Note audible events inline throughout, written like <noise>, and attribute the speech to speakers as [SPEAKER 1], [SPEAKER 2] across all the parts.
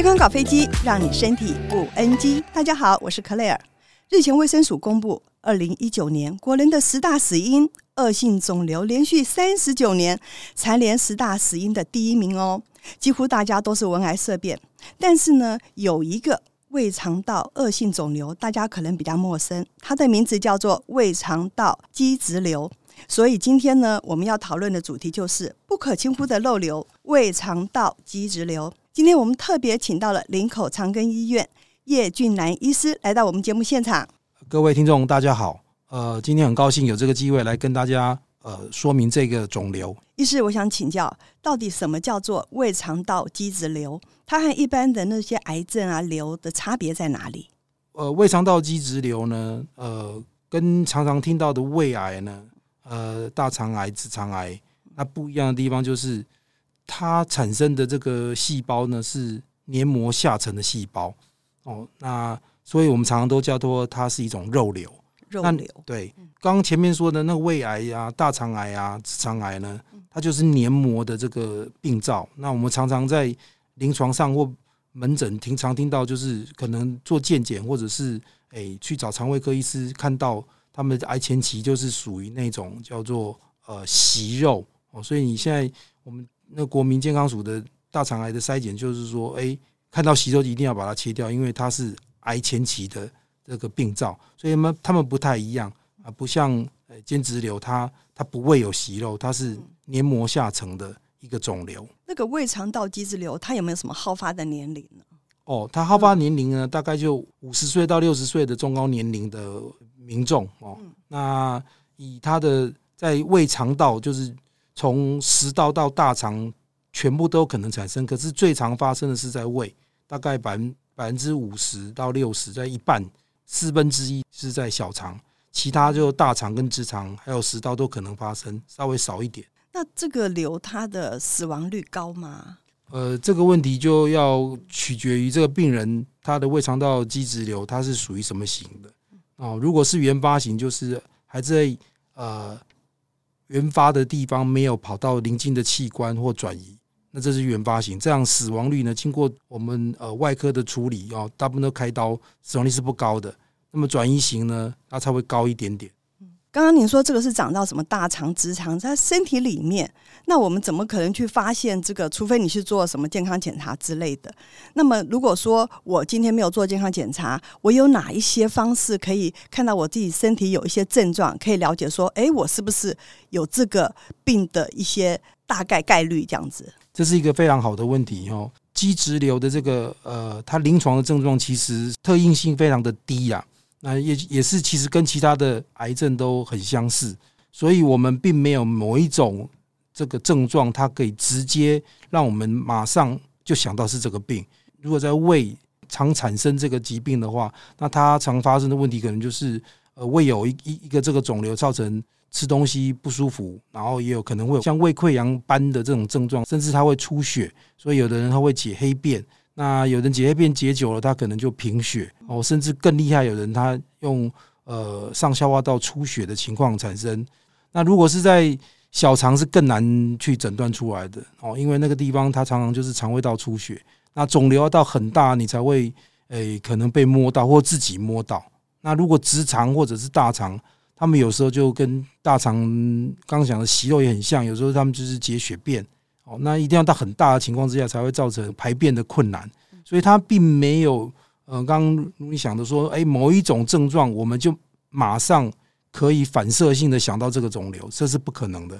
[SPEAKER 1] 健康搞飛機，讓你身體不 NG。大家好，我是克萊爾。日前衛生署公布，二零一九年國人的十大死因，惡性腫瘤連續三十九年蟬聯十大死因的第一名哦。幾乎大家都是聞癌色變，但是呢，有一個胃腸道惡性腫瘤，大家可能比較陌生，它的名字叫做胃腸道基質瘤。所以今天呢，我們要討論的主題就是不可輕忽的肉瘤、胃腸道基質瘤。今天我們特別請到了林口長庚醫院葉俊男醫師來到我們節目現場。
[SPEAKER 2] 各位聽眾，大家好。呃，今天很高興有這個機會來跟大家呃說明這個腫瘤。
[SPEAKER 1] 醫師，我想請教，到底什麼叫做胃腸道基質瘤？它和一般的那些癌症啊、瘤的差別在哪裡？
[SPEAKER 2] 呃，胃腸道基質瘤呢，呃，跟常常聽到的胃癌呢，呃，大腸癌、直腸癌，那不一樣的地方就是。它產生的這個細胞呢，是黏膜下層的細胞哦。那所以，我們常常都叫做它是一種肉瘤。
[SPEAKER 1] 肉瘤
[SPEAKER 2] 流對，剛前面說的那個胃癌呀，啊、大腸癌啊、直腸癌呢，它就是黏膜的這個病灶。嗯、那我們常常在臨床上或門診，挺常聽到就是可能做健檢，或者是，欸、去找腸胃科醫師，看到他們的癌前期，就是屬於那種叫做呃息肉哦。所以你現在我們。那國民健康署的大腸癌的篩檢就是說，哎、欸，看到息肉一定要把它切掉，因為它是癌前期的這個病灶，所以他們他們不太一樣啊，不像呃間質瘤，它它不會有息肉，它是黏膜下層的一個腫瘤。
[SPEAKER 1] 那個胃腸道基質瘤，它有沒有什麼好發的年齡呢？
[SPEAKER 2] 哦，它好發的年齡呢，大概就五十歲到六十歲的中高年齡的民眾哦。那以它的在胃腸道就是。從食道到大腸，全部都可能產生。可是最常發生的是在胃，大概百分百分之五十到六十，在一半四分之一是在小腸，其他就大腸跟直腸還有食道都可能發生，稍微少一點。
[SPEAKER 1] 那這個瘤它的死亡率高嗎？
[SPEAKER 2] 呃，這個問題就要取決於這個病人他的胃腸道基質瘤它是屬於什麼型的哦、呃。如果是原發型，就是還在呃。原發的地方沒有跑到鄰近的器官或轉移，那這是原發型。這樣死亡率呢？經過我們呃外科的處理，哦，大部分都開刀，死亡率是不高的。那麼轉移型呢，它稍微高一點點。
[SPEAKER 1] 剛剛你說這個是長到什麼大腸、直腸，在身體裡面，那我們怎麼可能去發現這個？除非你去做什麼健康檢查之類的。那麼，如果說我今天沒有做健康檢查，我有哪一些方式可以看到我自己身體有一些症狀，可以了解說，誒，我是不是有這個病的一些大概概率？這樣子，
[SPEAKER 2] 這是一個非常好的問題哦。基質瘤的這個呃，它臨床的症狀其實特異性非常的低呀、啊。那也也是，其實跟其他的癌症都很相似，所以我們並沒有某一種這個症狀，它可以直接讓我們馬上就想到是這個病。如果在胃常產生這個疾病的話，那它常發生的問題可能就是，呃，胃有一一個這個腫瘤，造成吃東西不舒服，然後也有可能會有像胃潰瘍般的這種症狀，甚至它會出血，所以有的人他會解黑便。那有人解血便解久了，他可能就貧血哦，甚至更厲害。有人他用呃上消化道出血的情況產生。那如果是在小腸，是更難去診斷出來的哦，因為那個地方它常常就是腸胃道出血。那腫瘤要到很大，你才會誒、欸、可能被摸到或自己摸到。那如果直腸或者是大腸，他們有時候就跟大腸剛剛講的息肉也很像，有時候他們就是解血便。哦，那一定要到很大的情況之下才會造成排便的困難，所以它並沒有嗯、呃、剛剛你想的說，哎，某一種症狀我們就馬上可以反射性的想到這個腫瘤，這是不可能的。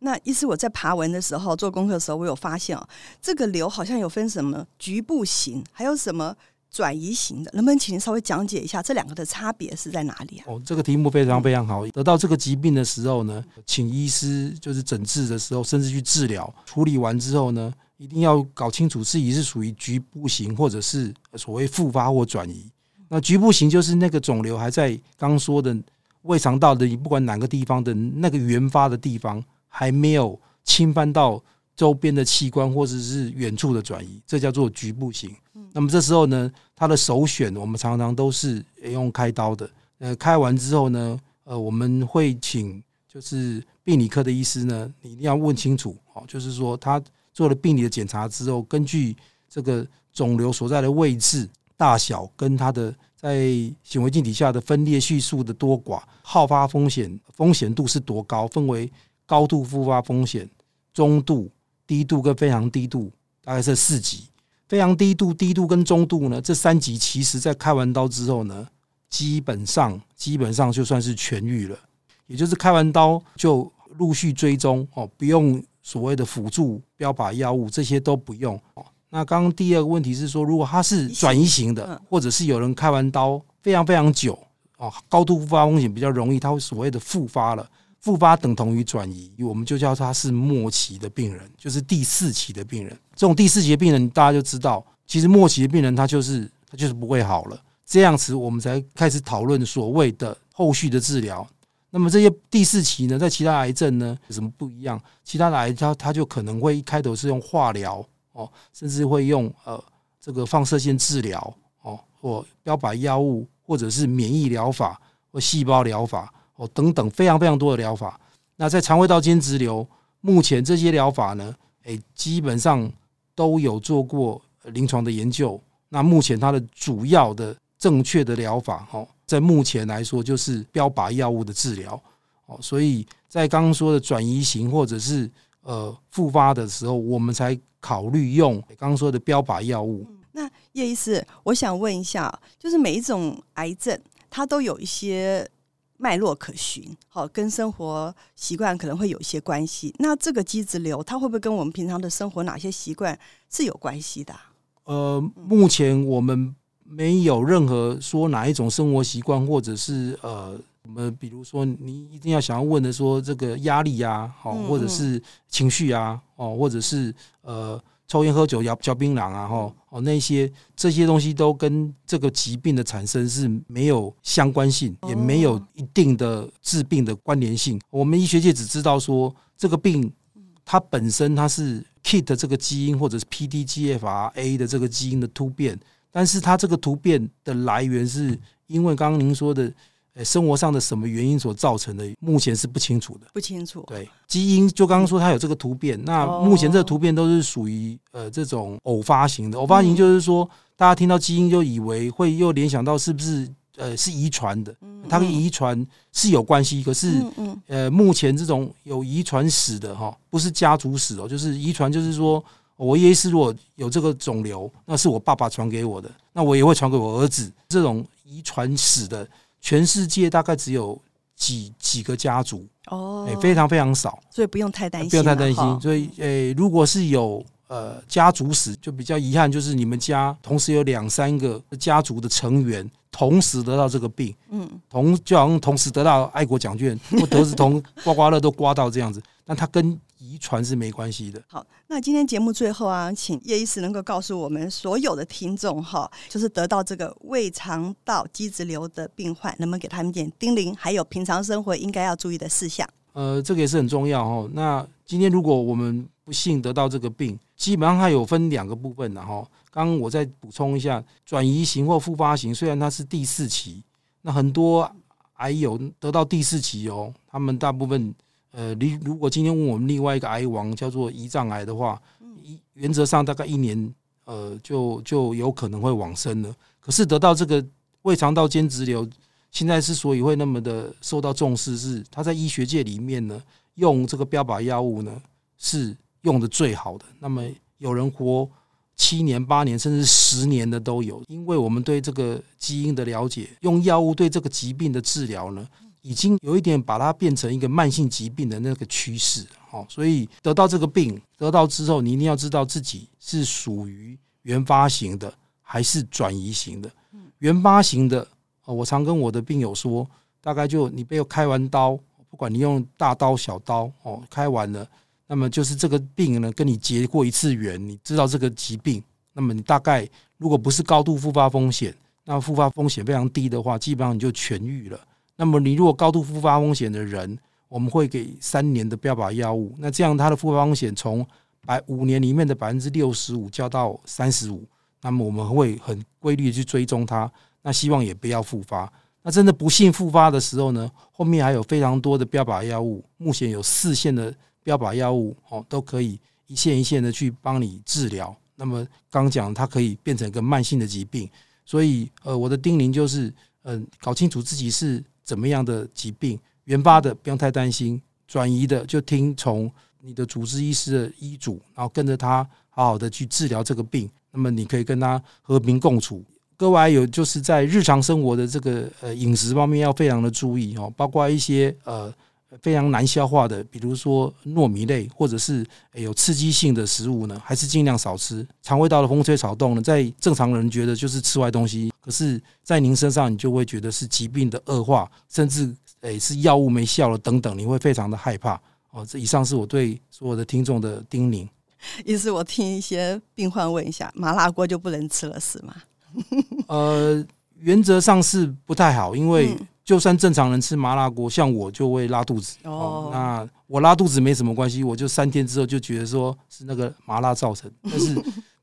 [SPEAKER 1] 那意思我在爬文的時候，做功課的時候，我有發現哦，這個瘤好像有分什麼局部型，還有什麼？轉移型的，能不能請您稍微講解一下這兩個的差別是在哪裡啊？哦，
[SPEAKER 2] 這個題目非常非常好。嗯、得到這個疾病的時候呢，請醫師就是診治的時候，甚至去治療處理完之後呢，一定要搞清楚自己是屬於局部型，或者是所謂復發或轉移。那局部型就是那個腫瘤還在剛說的胃腸道的，你不管哪個地方的那個原發的地方還沒有侵犯到。周邊的器官或者是遠處的轉移，這叫做局部型。那麼這時候呢，它的首選我們常常都是、A、用開刀的。呃，開完之後呢，呃，我們會請就是病理科的醫師呢，你一定要問清楚，就是說他做了病理的檢查之後，根據這個腫瘤所在的位置、大小跟它的在顯微鏡底下的分裂係數的多寡、好發風險、風險度是多高，分為高度復發風險、中度。低度跟非常低度，大概是四級，非常低度、低度跟中度呢，這三級其實，在開完刀之後呢，基本上基本上就算是痊癒了，也就是開完刀就陸續追蹤哦，不用所謂的輔助標靶藥物這些都不用哦。那剛剛第二個問題是說，如果它是轉移型的，或者是有人開完刀非常非常久哦，高度復發風險比較容易，它會所謂的復發了。復發等同於轉移，我們就叫他是末期的病人，就是第四期的病人。這種第四期的病人，大家就知道，其實末期的病人他就是他就是不會好了。這樣子，我們才開始討論所謂的後續的治療。那麼這些第四期呢，在其他癌症呢有什麼不一樣？其他的癌症他就可能會一開頭是用化療哦，甚至會用呃這個放射線治療哦，或標靶藥物或者是免疫療法或細胞療法。等等，非常非常多的療法。那在腸胃道間質瘤，目前這些療法呢，誒、欸，基本上都有做過臨床的研究。那目前它的主要的正確的療法，哦、喔，在目前來說就是標靶藥物的治療。哦、喔，所以在剛剛說的轉移型或者是呃復發的時候，我們才考慮用剛剛說的標靶藥物。嗯、
[SPEAKER 1] 那葉醫師，我想問一下，就是每一種癌症，它都有一些。脈絡可循，好，跟生活習慣可能會有一些關係。那這個基質瘤，它會不會跟我們平常的生活哪些習慣是有關係的啊？
[SPEAKER 2] 呃，目前我們沒有任何說哪一種生活習慣，或者是呃，我們比如說你一定要想要問的說這個壓力啊，好，或者是情緒啊，哦，或者是呃。抽菸喝酒嚼嚼檳榔啊，哈哦那些這些東西都跟這個疾病的產生是沒有相關性，也沒有一定的致病的關聯性。Oh. 我們醫學界只知道說這個病，它本身它是 KIT 這個基因或者是 PDGFRA 的這個基因的突變，但是它這個突變的來源是因為剛剛您說的。欸、生活上的什麼原因所造成的，目前是不清楚的。
[SPEAKER 1] 不清楚。對，
[SPEAKER 2] 基因就剛剛說它有這個突變，嗯、那目前這個突變都是屬於呃這種偶發型的。偶發型就是說，嗯、大家聽到基因就以為會又聯想到是不是呃是遺傳的，它跟遺傳是有關係。嗯、可是，嗯、呃，目前這種有遺傳史的哈，不是家族史哦，就是遺傳，就是說，我爺爺是如果有這個腫瘤，那是我爸爸傳給我的，那我也會傳給我兒子。這種遺傳史的。全世界大概只有幾幾個家族，哦、
[SPEAKER 1] oh, 欸，非常
[SPEAKER 2] 非常少，
[SPEAKER 1] 所以不用太擔心，啊，不用太擔心。然後，
[SPEAKER 2] 所以，欸，如果是有呃家族史，就比較遺憾，就是你們家同時有兩三個家族的成員同時得到這個病，嗯，同，同就好像同時得到愛國獎券或者是同刮刮樂都刮到這樣子， <laughs> 那他跟。遺傳是沒關係的。好，
[SPEAKER 1] 那今天節目最後啊，請葉醫師能夠告訴我們所有的聽眾哈、哦，就是得到這個胃腸道基質瘤的病患，能不能給他們點叮嚀，還有平常生活應該要注意的事項？
[SPEAKER 2] 呃，這個也是很重要哈、哦，那今天如果我們不幸得到這個病，基本上它有分兩個部分的哈、哦。剛剛我再補充一下，轉移型或復發型，雖然它是第四期，那很多癌友得到第四期哦，他們大部分。呃，你如果今天問我們另外一個癌王叫做胰臟癌的話，一原則上大概一年，呃，就就有可能會往生了。可是得到這個胃腸道間質瘤，現在之所以會那麼的受到重視是，是它在醫學界裡面呢，用這個標靶藥物呢是用的最好的。那麼有人活七年、八年甚至十年的都有，因為我們對這個基因的了解，用藥物對這個疾病的治療呢，已經有一點把它變成一個慢性疾病的那個趨勢，好，所以得到這個病得到之後，你一定要知道自己是屬於原發型的還是轉移型的。嗯，原發型的，我常跟我的病友說，大概就你被我開完刀，不管你用大刀小刀，哦，開完了，那麼就是這個病呢跟你結過一次緣，你知道這個疾病，那麼你大概如果不是高度復發風險，那復發風險非常低的話，基本上你就痊癒了。那麼你如果高度復發風險的人，我們會給三年的標靶藥物。那這樣它的復發風險從百五年裡面的百分之六十五降到三十五。那麼我們會很規律的去追蹤它，那希望也不要復發。那真的不幸復發的時候呢，後面還有非常多的標靶藥物，目前有四線的標靶藥物哦，都可以一線一線的去幫你治療。那麼剛講它可以變成一個慢性的疾病，所以呃，我的叮嚀就是，嗯，搞清楚自己是。怎麼樣的疾病，原發的不用太擔心，轉移的就聽從你的主治醫師的醫囑，然後跟着他好好的去治療這個病。那麼你可以跟他和平共處。各位還有就是在日常生活的這個呃飲食方面要非常的注意哦，包括一些呃。非常難消化的，比如說糯米類，或者是有刺激性的食物呢，還是盡量少吃。腸胃道的風吹草動呢，在正常人覺得就是吃壞東西，可是，在您身上，你就會覺得是疾病的惡化，甚至誒是藥物沒效了等等，你會非常的害怕。哦，這以上是我對所有的聽眾的叮嚀。
[SPEAKER 1] 意思我聽一些病患問一下：麻辣鍋就不能吃了是嗎？
[SPEAKER 2] <laughs> 呃，原則上是不太好，因為、嗯。就算正常人吃麻辣鍋，像我就會拉肚子。Oh. 哦，那我拉肚子沒什麼關係，我就三天之後就覺得說是那個麻辣造成。但是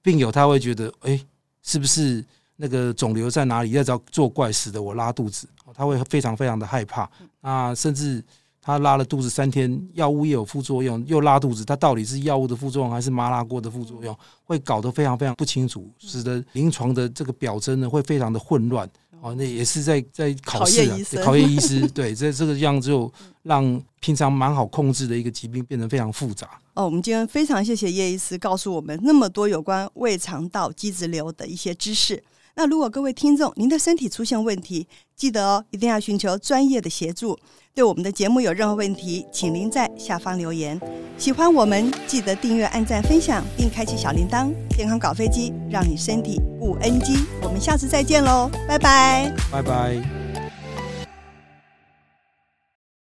[SPEAKER 2] 病友他會覺得，哎、 <laughs> 欸，是不是那個腫瘤在哪裡在找做怪，使得我拉肚子、哦？他會非常非常的害怕。那甚至他拉了肚子三天，藥物也有副作用，又拉肚子。它到底是藥物的副作用還是麻辣鍋的副作用？會搞得非常非常不清楚，使得臨床的這個表徵呢會非常的混亂。哦，那也是在在考試、啊，考驗醫師，對，這這個樣就讓平常蠻好控制的一個疾病變得非常複雜。
[SPEAKER 1] 哦，我們今天非常謝謝葉醫師告訴我們那麼多有關胃腸道基質瘤的一些知識。那如果各位聽眾您的身體出現問題，記得哦，一定要尋求專業的協助。對我們的節目有任何問題，請您在下方留言。喜歡我們，記得訂閱、按讚、分享，並開啟小鈴鐺。健康搞飛機，讓你身體不 NG。我們下次再見嘍，拜拜，拜拜。